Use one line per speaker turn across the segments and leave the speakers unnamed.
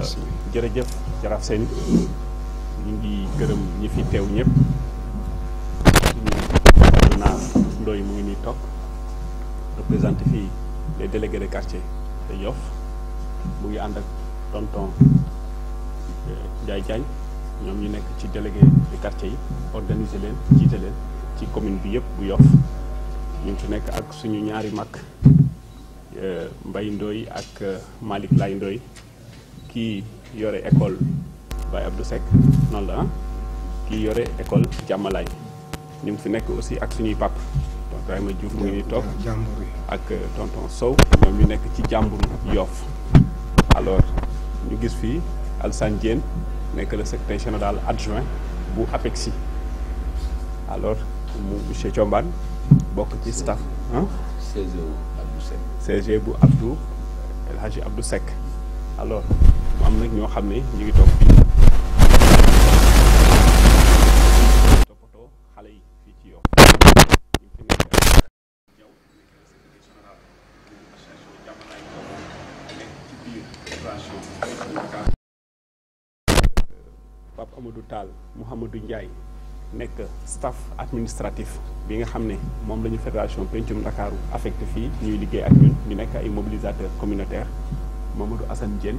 Euh, jërëjëf jaraaf seen ñu ngi gërëm ñi fi teew ñëpp suñu naa ndooy mu ngi nii toog représenté fii les délégués de quartier de Yoff mu ngi ànd ak tonton euh, Ndiaye Diagne ñoom ñu nekk ci délégué de quartier yi organiser leen jiite leen ci commune bi yëpp bu Yoff ñu ngi fi nekk ak suñu ñaari mag euh, mbay Ndoye ak Malick lay ndoy kii yore école Baye Abdou Seck non là ah kii yore école Jamalay ñu fi nek aussi ak suñuy pap donc ay ma mu ngi ni toog ak euh, tonton Sow ñoom ñu nekk ci jàmburu Yoff alors ñu gis fi Alsane Diène nek le secrétaire général adjoint bu APEXI alors mu monsieur Chomban bok ci staff hein CG Abdou Seck. CG bu Abdou El Hadji Abdou Seck alors. mu am nag ñoo xam ne ñu ngi toog xale yi fii ci yow ñu fi nekk nekk secrétaire général staff administratif bi nga xam ne moom la ñu pencum Ndakaaru affecté fii ñuy liggéey ak ñu nekk ay mobilisateur communautaire Mamadou Assane Diène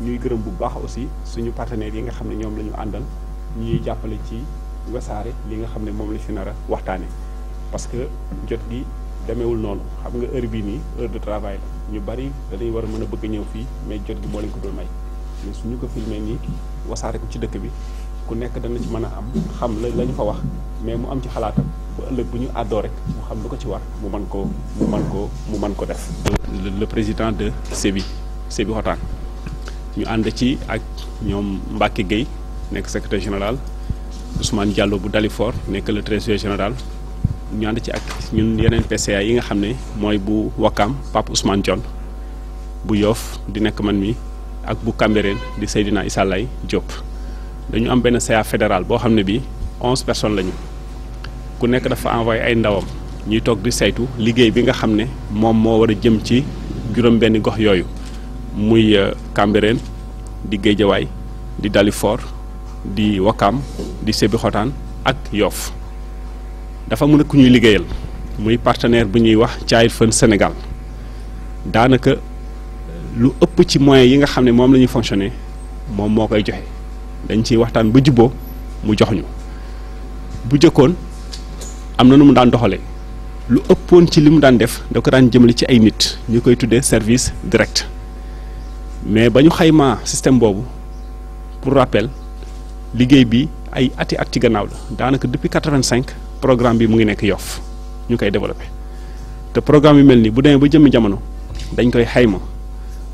ñuy gërëm bu baax aussi suñu partenaires yi nga xam ne ñoom la ñu àndal ñuy jàppale ci wasaare li nga xam ne moom la fi nar a parce que jot gi demeewul noonu xam nga heure bii nii heure de travail la ñu bari dañuy war a mën a bëgg ñëw fii mais jot gi moo leen ko dul may mais suñu ko filmé nii wasaare ko ci dëkk bi ku nekk dana ci mën a am xam la la fa wax mais mu am ci xalaatam bu ëllëg bu ñu àddoo rek mu xam lu ko ci war mu man ko mu mën ko mu mën ko def. le président de Sébi Sébi Xotaan. ñu and ci ak ñom Mbacke gey nek secrétaire général Ousmane Diallo bu Dalifor nek le trésorier général ñu and ci ak ñun yenen PCA yi nga xam moy bu Wakam Pape Ousmane John bu Yoff di nek man mi ak bu Cambérène di Seydina Issa Lay Diop dañu am ben CA fédéral bo bi 11 personnes lañu ku nek dafa envoyer ay ndawam ñuy tok di saytu liggéey bi nga xam mom mo wara jëm ci juroom ben gox muy euh, Cambérène di Géejawaay di Dalifort di Wakaam di Sébikotane ak Yoff dafa mën a ku ñuy liggéeyal muy partenaire bu ñuy wax Child Fund Sénégal daanaka lu ëpp ci moyens yi nga xam ne moom la ñuy moom moo koy joxe dañ ciy waxtaan ba jubboo mu jox ñu bu jëkkoon am na nu mu daan doxalee lu ëpp ëppoon ci li mu daan def da ko daan jëmale ci ay nit ñu koy tuddee service direct mais ba ñu xaymaa système boobu pour rappel liggéey bi ay ati at ci gannaaw la daanaka depuis quatre-vingt-cinq programme bi mu ngi nekk yof ñu koy développé te programme yu mel nii bu demee ba jëmmi jamono dañ koy xayma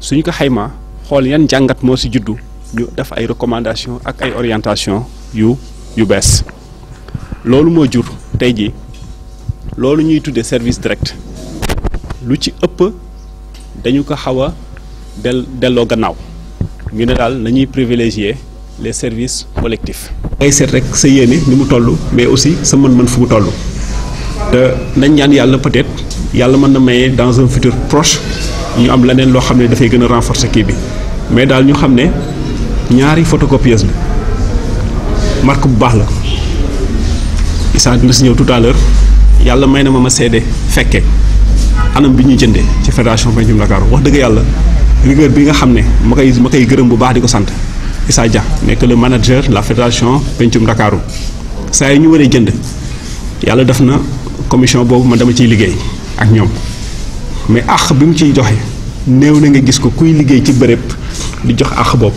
suñu ko xayma xool yan jàngat moo si juddu ñu def ay recommandation ak ay orientations yu yu bees loolu moo jur tey jii loolu ñuy tuddee service direct lu ci ëpp dañu ko xaw a del delloo gannaaw ñu ne daal nañuy privilégier les services collectifs. ngay seet rek sa yéene ni mu toll mais aussi sa mën-mën fu mu toll te nañ ñaan yàlla peut-être yàlla mën na maye dans un futur proche ñu am leneen loo xam ne dafay gën a renforcer kii bi mais daal ñu xam ne ñaari photocopieuse bi marque bu baax la Issa dina si ñëw tout à l'heure yàlla may na ma ma seede fekkee anam bi ñu jëndee ci fédération Pencum Ndakaaru wax dëgg yàlla. rigueur bi nga xam ne ma koy ma koy gërëm bu baax di ko sant Issa Dia nekk le manager la fédération pencum Ndakaaru saa yi ñu waree jënd yàlla def na commission boobu ma dama ciy liggéey ak ñoom mais àq bi mu ciy joxe néew na nga gis ko kuy liggéey ci bërëb di jox àq boobu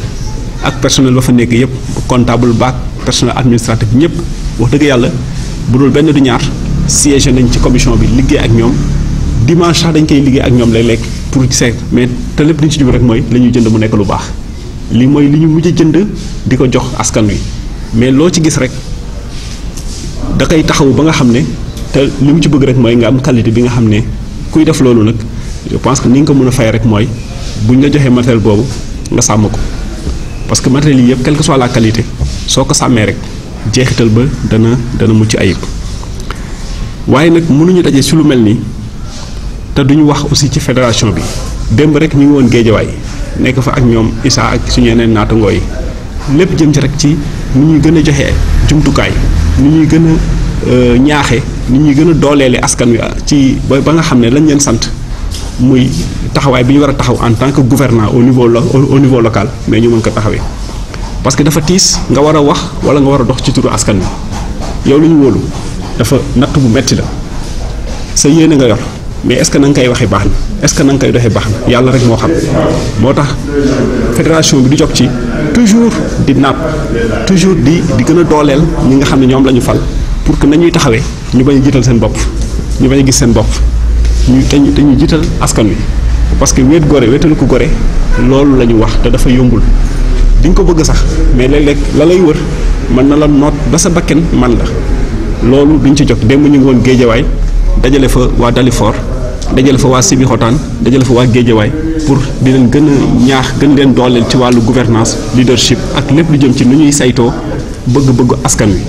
ak personnel ba fa nekk yëpp comptable baak personnel administratif ñëpp wax dëgg yàlla bu dul benn du ñaar siège nañ ci commission bi liggéey ak ñoom dimanche sax dañ koy liggéey ak ñoom léeg-léeg pour seet mais té lepp liñ ci jub rek moy lañu jënd mu nekk lu baax li moy liñu ñu jënd di jox askan wi mais lo ci gis rek da kay taxaw ba nga xamné té limu ci bëgg rek moy nga am qualité bi nga xamné kuy def lolu nak. je pense que ni nga mëna fay rek moy buñ la joxé matériel bobu nga sam ko parce que matériel yépp quelque soit la qualité soko samé rek jeexital ba dana dana ci ayib waaye nag mënuñu dajé ci lu melni te duñu wax aussi ci fédération bi demb rek ñu ngi woon géejawaay nekk fa ak ñoom isa ak suñu yeneen naatu yi lépp jëm ci rek ci ni ñuy gën a jumtukaay ni ñuy gën a euh, ñaaxe ni ñuy gën askan wi ci ba nga xam lañ leen sant muy taxawaay bi ñu war a taxaw en tant que gouvernant au niveau au niveau local mais ñu mën ko taxawee parce que dafa tiis nga war wax wala nga war dox ci turu askan wi yow lu ñu wóolu dafa natt bu metti la sa yéene nga yor mais est-ce que na nga koy waxe baax na est-ce na nga koy doxee baax na yàlla rek moo xam moo tax fédération bi di jox ci toujours di napp toujours di di gën a dooleel ñi nga xam ne ñoom la ñu fal pour que nañuy taxawee ñu bañ jiital seen bopp ñu bañ a gis seen bopp ñu dañu dañuy jiital askan wi parce que wéet gore wéetal ko gore loolu la ñu wax te dafa yombul di nga ko bëgg sax mais léeg lekk la lay wër mën na la noot ba sa bakken man la loolu duñ ci jox démb ñu ngi woon géejawaay dajale fa waa Dalifort dajale fa waa Sébikotane dajale fa waa Guédiawaye pour di leen gën a ñaax gën leen dooleel ci wàllu gouvernance leadership ak lépp lu jëm ci nu ñuy saytoo bëgg bëgg askan wi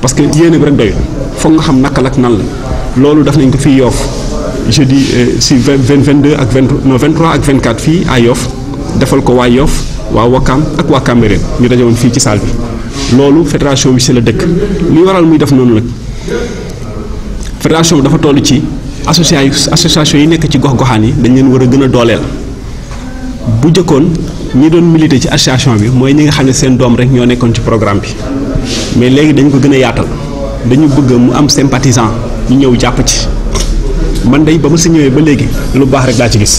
parce que yéene bi rek doyul foog nga xam nakal ak nan la loolu daf nañ ko fii yoof jeudi euh, si vingt vingt deux ak vingt non vingt trois ak vingt fii ay yoof defal ko waa yoof waa Wakam ak waa Cambérène ñu dajewoon fii ci saal bi loolu fédération bi si la dëkk li waral muy def noonu nag fédération bi dafa toll ci association association yi nekk ci gox-goxaan yi dañ leen war a gën a dooleel bu njëkkoon ñi doon militer ci association bi mooy ñi nga xam ne seen doom rek ñoo nekkoon ci programme bi mais léegi dañ ko gën a yaatal dañu bëgg mu am sympathisant ñu ñëw jàpp ci man dey ba ma si ñëwee ba léegi lu baax rek laa ci gis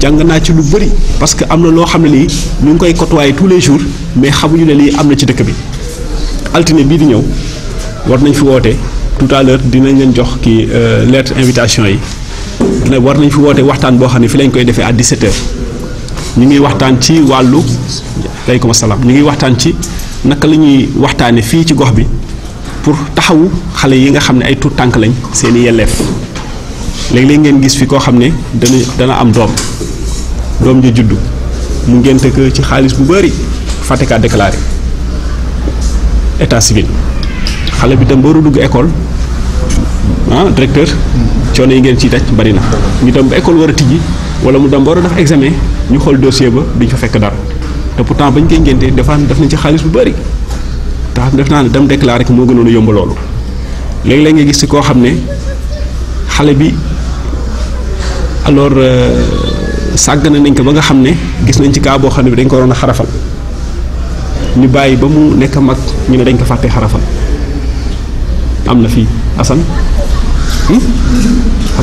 jàng naa ci lu bëri parce que am na loo xam ne lii ñu ngi koy côtoyer tous les jours mais xamuñu ne lii am na ci dëkk bi altine bii di ñëw nañ fi tout à l'heure dinañ leen jox ki euh, lettre invitation yi dina war nañ fi woote waxtaan boo xam ne fi lañ koy defee à 17 heures ñu ngi waxtaan ci wàllu aleykum asalaam ñu ngi waxtaan ci naka la ñuy waxtaane fii ci gox bi pour taxawu xale yi nga xam ne ay tout tànk lañ seen i yelleef léeg-léeg ngeen gis fi koo xam ne dana dana am doom doom ja judd mu ngénte que ci xaalis bu bëri fatika déclaré état civil xale bi dem ba dugg école directeur coono ngeen ci daj bari na ñu dem école wara tiji wala mu dem ba war def examen ñu xol dossier ba duñ fa fekk dar te pourtant bañ koy ngenté dafa def nañ ci xaliss bu bari ta xam def na dem déclarer ko mo gënoon a yomb lolu léeg-léeg nga gis ci ko xamné xalé bi alors euh, sag na nañ ko ba nga xamné gis nañ ci ka bo xamné dañ ko waroon xarafal ñu bayyi ba mu nekk mak ñu dañ ko fàtte xarafal amna fi asan xam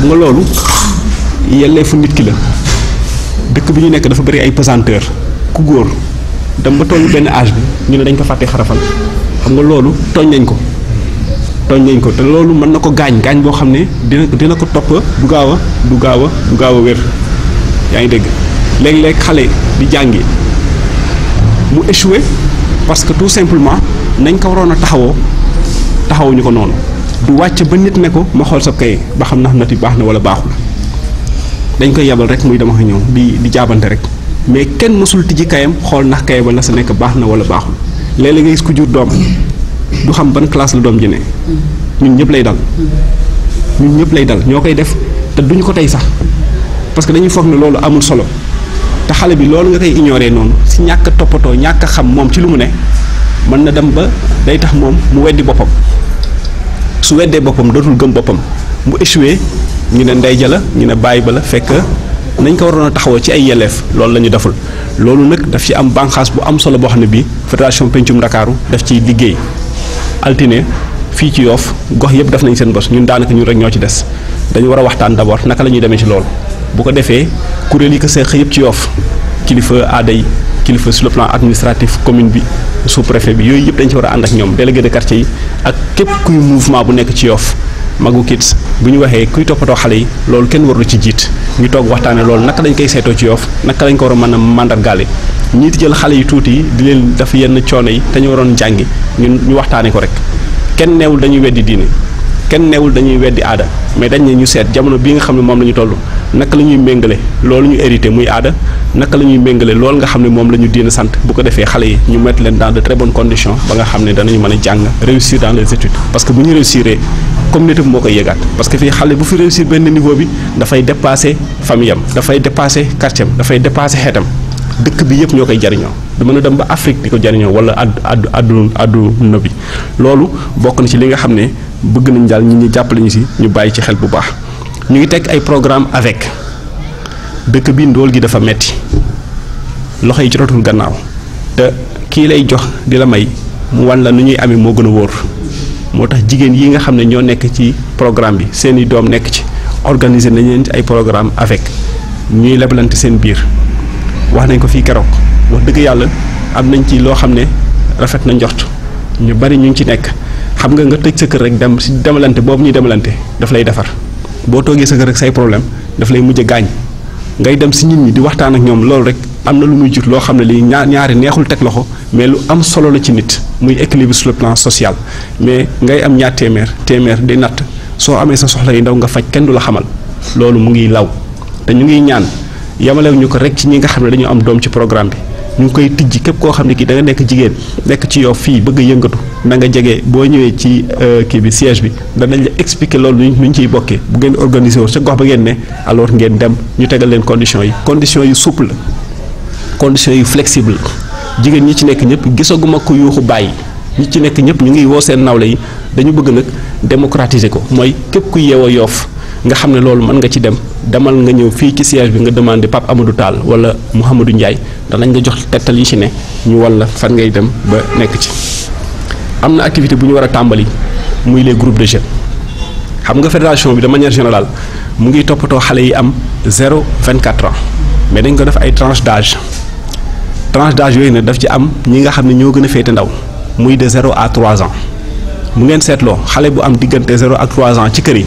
nga loolu fu nit ki la dëkk bi ñu nekk dafa bari ay pesanteur ku góor dem ba tollu benn âge bi ñu ne dañ ko fàtte xarafal xam nga loolu tooñ nañ ko tooñ nañ ko te loolu mën na ko gaañ gaañ boo xam ne dina dina ko topp du gaaw a du gaaw a du gaaw a wér yaa ngi dégg léeg-léeg xale di jàngi mu échoué parce que tout simplement nañ ko waroon a taxawoo taxawuñu ko noonu du wàcc ba nit ne ko ma xool sa kay ba xam na note yi baax na wala baaxul dañ koy yebal rek muy dama ko ñëw di di jaabante rek mais kenn mësul tijji kayam xool ndax kay ba la sa nekk baax na wala baaxul léeg-léeg nga gis ku jur doom du xam ban classe la doom ji ne ñun ñëpp lay dal ñun ñëpp lay dal ñoo koy def te duñu ko tey sax parce que dañuy foog na loolu amul solo te xale bi loolu nga koy ignoré noonu si ñàkk toppatoo ñàkk a xam moom ci lu mu ne mën na dem ba day tax moom mu weddi boppam su weddee boppam dootul gëm boppam mu échoué ñu ne ndey ja la ñu ne bàyyi ba la fekk nañ ko waroon a taxawoo ci ay yelleef loolu la ñu deful loolu nag daf ci am banqaas bu am solo boo xam ne bii fédération pencum ndakaaru def ciy liggéey altine fii ci yoof gox yëpp def nañ seen bos ñun daanaka ñun rek ñoo ci des dañu war a waxtaan d'abord naka la ñuy demee ci loolu bu ko defee kuréel yi ko seex yëpp ci yoof kilifa aaday kilifa sur le plan administratif commune bi sous préfet bi yooyu yëpp dañ ci war a ànd ak ñoom délégué de quartier yi ak képp kuy mouvement bu nekk ci Yoff Magu Kids bu ñu waxee kuy toppatoo xale yi loolu kenn warul ci jiit ñu toog waxtaanee loolu naka lañ koy seetoo ci Yoff naka lañ ko war a a mandargaale ñii jël xale yi tuuti di leen daf yenn coono yi te ñu waroon jàngi ñun ñu waxtaanee ko rek kenn neewul dañuy weddi diine kenn neewul dañuy weddi aada mais dañ ne ñu seet jamono bi nga xam ne moom la ñu toll naka la ñuy méngale loolu ñu hérité muy aada naka la ñuy méngale loolu nga xam ne moom la ñu diina sant bu ko defee xale yi ñu mettre leen dans de très bonnes conditions ba nga xam ne danañu mën a jàng réussir dans les études parce que bu ñu réussir communauté bi moo que fii xale bu fi réussir benn niveau bi dafay dépasser famille am dafay dépasser quartier am dafay dépasser xeetam dëkk bi yëpp ñoo koy jariñoo du mën a dem ba Afrique di ko jariñoo wala addu addu àdduna bi loolu bokk na ci li nga xam ne bëgg nañ daal ñi ñu jàppale ñu si ñu bàyyi ci xel bu baax ñu ngi teg ay programme avec dëkk bi ndóol gi dafa metti loxo yi jotatul gannaaw te kii lay jox di la may wan la nu ñuy amee moo gën a wóor moo tax jigéen yi nga xam ne ñoo nekk ci programme bi seeni doom nekk ci organiser nañ leen ci ay programme avec ñuy lebalante seen biir wax nañ ko fii keroog wax dëgg yàlla am nañ ci loo xam ne rafet na njort ñu bari ñu ngi ci nekk xam nga nga tëj sa kër rek dem si demalante boobu ñuy demalante daf lay defar boo toogee sa kër say problème daf lay mujj gaañ. ngay dem si nit ñi di waxtaan ak ñoom loolu rek am na lu muy jur loo xam ne lii ñaar ñaari neexul teg loxo mais lu am solo la ci nit muy équilibre sur le plan sociale mais ngay am ñaar téeméer téeméer di natt soo amee sa soxla yi ndaw nga faj kenn du la xamal loolu mu ngi law te ñu ngi ñaan yamalew ñu ko rek ci ñi nga xam ne dañu am doom ci programme bi ñu ngi koy tijji képp koo xam ne kii da nekk jigéen nekk ci Yoff fii bëgg a yëngatu na jege boo ñëwee ci euh, kii bi siège bi danañ la expliquer loolu nu ñu ciy bokkee bu ngeen organiser wu ca gox ba ngeen ne alors ngeen dem ñu tegal leen condition yi conditions yu souple conditions yu flexible jigéen ñi ci nekk ñëpp gisaguma ko yuuxu bàyyi ñi ci nekk ñëpp ñu ngi woo seen nawle yi dañu bëgg nag démocratiser ko mooy képp ku yeewoo yoof nga xam ne loolu mën nga ci dem demal nga ñëw fii ci siège bi nga demandé pap Amadou taal wala Mouhamadou Ndiaye danañ la jox tegtal yi ci ne ñu walla fan ngay dem ba nekk ci. am na activité bu ñu war a tàmbali muy les groupe de jeunes xam nga fédération bi de manière générale mu ngi toppatoo xale yi am 0 24 ans mais dañ ko def ay tranches d'âge tranche d'âge yooyu ne daf ci am ñi nga xam ne ñoo gën a féete ndaw muy de 0 à 3 ans mu ngeen seetloo xale bu am diggante 0 ak 3 ans ci kër yi.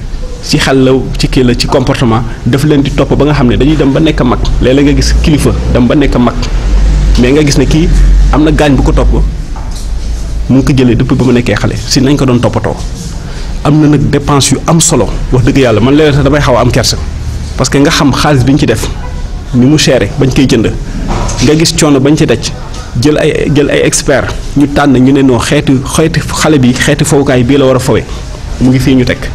ci xel la ci ki la ci comportement daf leen di topp ba nga xamne dañuy dem ba nek mak léeg nga gis kilifa dem ba nek mak mais nga gis ne ki amna gañ bu ko topp mu ko depuis bama nekké xalé si nañ ko doon topato am nak dépense yu am solo wax deug yalla man léeg-léeg damay xaw am kersa parce que nga xam xaliss biñ ci def ni mu xéré bañ koy jënd nga gis gelai bañ ci daj jël ay jël ay expert ñu tan ñu né no xéetu xéetu xalé bi xéetu fowukaay bi la wara a mu ngi fi ñu tek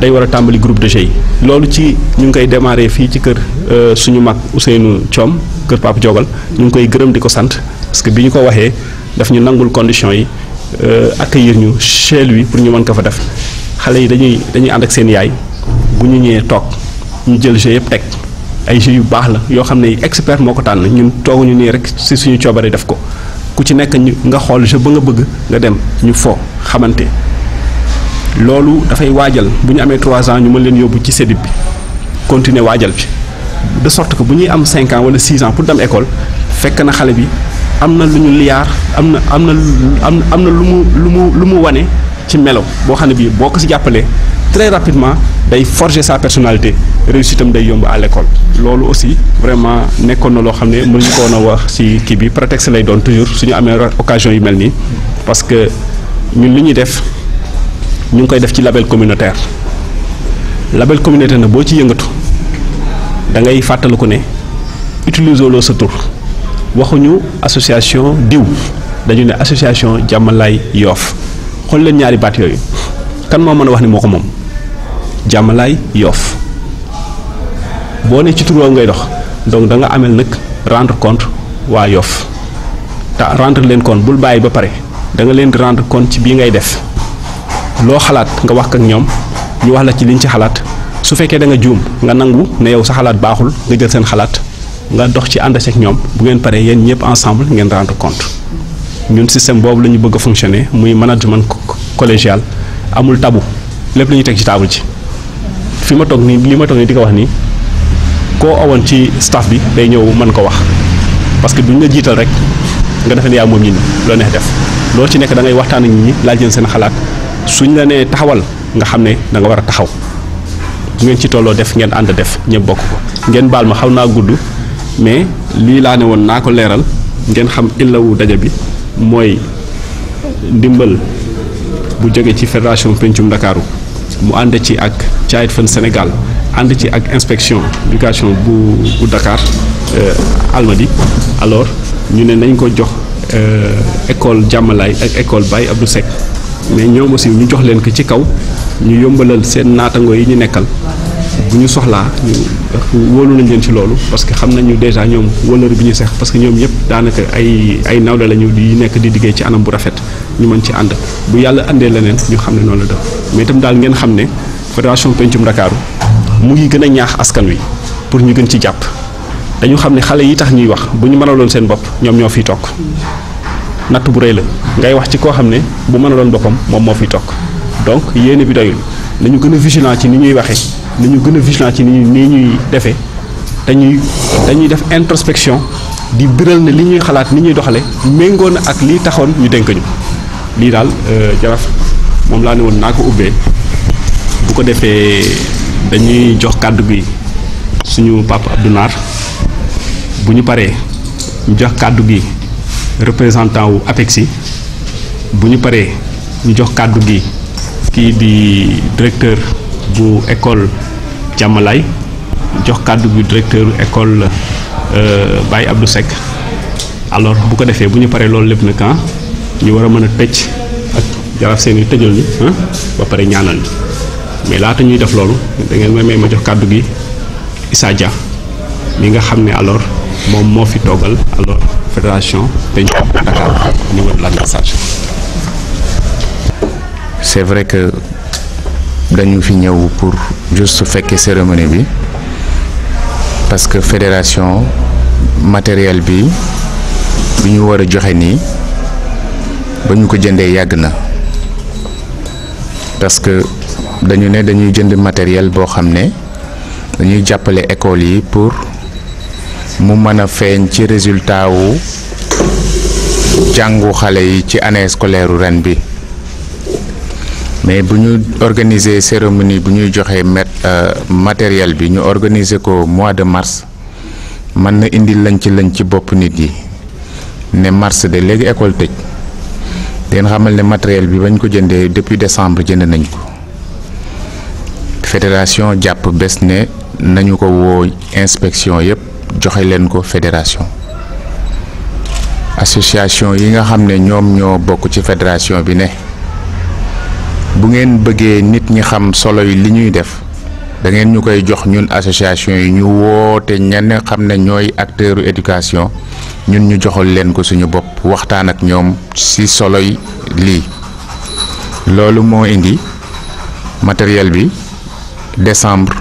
day war a tàmbali groupe de jeu loolu ci ñu ngi koy démarré fii ci kër euh, suñu mag Ousseynou Thiom kër Pape Diogal ñu ngi koy gërëm di ko sant parce que bi ñu ko waxee daf ñu nangul conditions yi ak euh, accueillir ñu chez lui pour ñu mën ko fa def xale yi dañuy dañuy ànd ak seen yaay bu ñu ñëwee toog ñu jël jeu yëpp teg ay jeu yu baax la yoo xam ne expert moo ko tànn ñun tooguñu nii rek si suñu coobare def ko ku ci nekk ñu nga xool jeu ba nga bëgg nga dem ñu fo xamante. lolu da fay wadjal ñu amé 3 ans ñu mën leen yóbbu ci sédib bi continuer wadjal bi de sorte que bu am 5 ans wala 6 ans pour dem école fekk na xalé bi amna luñu lu ñu amna amna, amna lumu lumu lumu wané na lu mu lu mu lu ci melo boo xam ne bii boo ko très rapidement day forger sa personnalité réussite am day yomb à l'école lolu aussi vraiment nekkoon na loo xam ne mënuñu ko woon wax ci ki bi prétexte lay don toujours suñu amé occasion yu melni parce que ñun li ñuy def. ñu ngi koy def ci label communautaire label communautaire na boo ci yëngatu da ngay fàttaliku ne utiliser loo sa tur waxuñu association diw dañu ne association jàmmalaay yoof xool leen ñaari baat yooyu kan moo mën a wax ni moo ko moom jàmmalaay yoof boo ne ci tur woowu ngay dox donc da nga amel nag rendre compte waa yoof te rendre leen compte bul bàyyi ba pare da nga leen rendre compte ci bii ngay def lo xalat nga wax ak ñom ñu wax la ci liñ ci xalat su fekke da nga joom nga nangu ne yow sa xalat baxul nga jël sen xalat nga dox ci and ak ñom bu ngeen paré yeen ñepp ensemble ngeen rendre compte ñun système bobu lañu bëgg fonctionner muy management collégial amul tabu lepp lañu tek ci table ci fi ma tok ni li ma tok ni di ko wax ni ko awon ci staff bi day ñew man ko wax parce que duñ la rek nga defal ya mom ñin lo neex def lo ci nek da ngay waxtaan ak ñi laaj seen xalaat suñ la nee taxawal nga xam ne da nga war a taxaw bu ngeen ci tolloo def ngeen ànd def ñëpp bokk ko ngeen baal ma xaw naa gudd mais lii laa ne woon naa ko leeral ngeen xam illawu daja bi mooy ndimbal bu jóge ci fédération pencum ndakaaru mu ànd ci ak Child Fund Sénégal ànd ci ak inspection éducation bu bu Dakar euh, Almadi alors ñu ne nañ ko jox euh, école jàmmalaay ak école Baye Abdou Seck mais ñoom aussi ñu jox leen ko ci kaw ñu yombalal seen naatangoo yi ñu nekkal bu ñu soxlaa ñu wóolu nañ leen ci loolu parce que xam nañu déjà ñoom wóolër bi ñu seex parce que ñoom ñëpp daanaka ay ay nawle la ñu di nekk di liggéey ci anam bu rafet ñu mën ci ànd bu yàlla àndee leneen ñu xam ne noonu la def mais itam daal ngeen xam ne fédération pencum Ndakaaru mu ngi gën a ñaax askan wi pour ñu gën ci jàpp dañu xam ne xale yi tax ñuy wax bu ñu mënaloon seen bopp ñoom ñoo fiy toog Natu bu reey la ngay wax ci ko xamne bu meuna a doon boppam moom moo fiy toog donc yene bi doyul nañu gëna a vigilant ci ni ñuy waxe nañu gëna a vigilant ci ni ni ñuy defee dañuy dañuy def introspection di biral ne li ñuy xalaat ni ñuy doxale mengon ak li taxone ñu denk ñu lii daal euh, jaraf mom la ne woon naa bu ko defee dañuy jox kàddu bi suñu papa abdou naar bu ñu jox kàddu bi représentant wu APEXI bu ñu paree ñu jox kàddu gi kii di directeur bu école Jamalai, jox kàddu gi directeur école euh, Baye Abdou Seck alors bu ko defee bu ñu paree loolu lépp nag ah, ñu war a mën a tëj ak jaraf seen i tëjal ah, ba pare ñaanal ñu mais laata ñuy def loolu da ngeen may may ma jox kàddu gi Issa Dia mi nga xam alors moom moo fi toogal alors Fédération Pencum Dakar au niveau de l'ambassade.
c'est vrai que dañu fi ñëw pour juste faire fekkee cérémonie bi parce que fédération matériel bi bi ñu war a joxe nii ko jëndé yàgg na parce que dañu né dañuy jënd matériel bo xamné dañuy jappalé école yi pour. mu mën a feeñ ci résultat wu jàngu xale yi ci année scolaire ren bi mais bu ñu organiser cérémonie bu ñuy joxee euh, matériel bi ñu organiser ko mois de mars mën na indi lañ ci lañ ci bopp nit yi ne mars de léegi école tëj den xamal ne matériel bi bañ ko jëndee depuis décembre jënd nañ ko fédération jàpp bés ne nañu ko woo inspection yëpp joxe leen ko fédération association yi nga xam ne ñoom ñoo bokk ci fédération bi ne bu ngeen bëggee nit ñi xam solo yi li ñuy def da ngeen ñu koy jox ñun association yi ñu woote ñenn xam ne ñooy acteuru éducation ñun ñu joxal leen ko suñu bopp waxtaan ak ñoom ci solo yi lii loolu moo indi matériel bi décembre.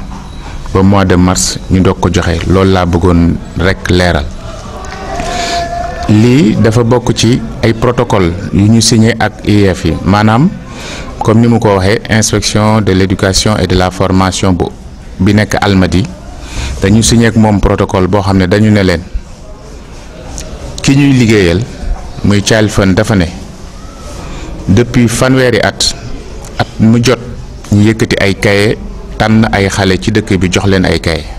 ba mois de mars ñu doog ko joxe loolu laa bëggoon rekk leeral lii dafa bokk ci ay protocole yu ñu signé ak IEF yi maanaam comme ni mu ko waxee inspection de l'éducation et de la formation bu bi nekk Almadi dañu signé moom protocole boo xam ne dañu ne leen ki ñuy liggéeyal muy Child Fund dafa ne depuis fanweeri at at mu jot ñu yëkkati ay cahier tànn ay xale ci dëkk bi jox leen ay kay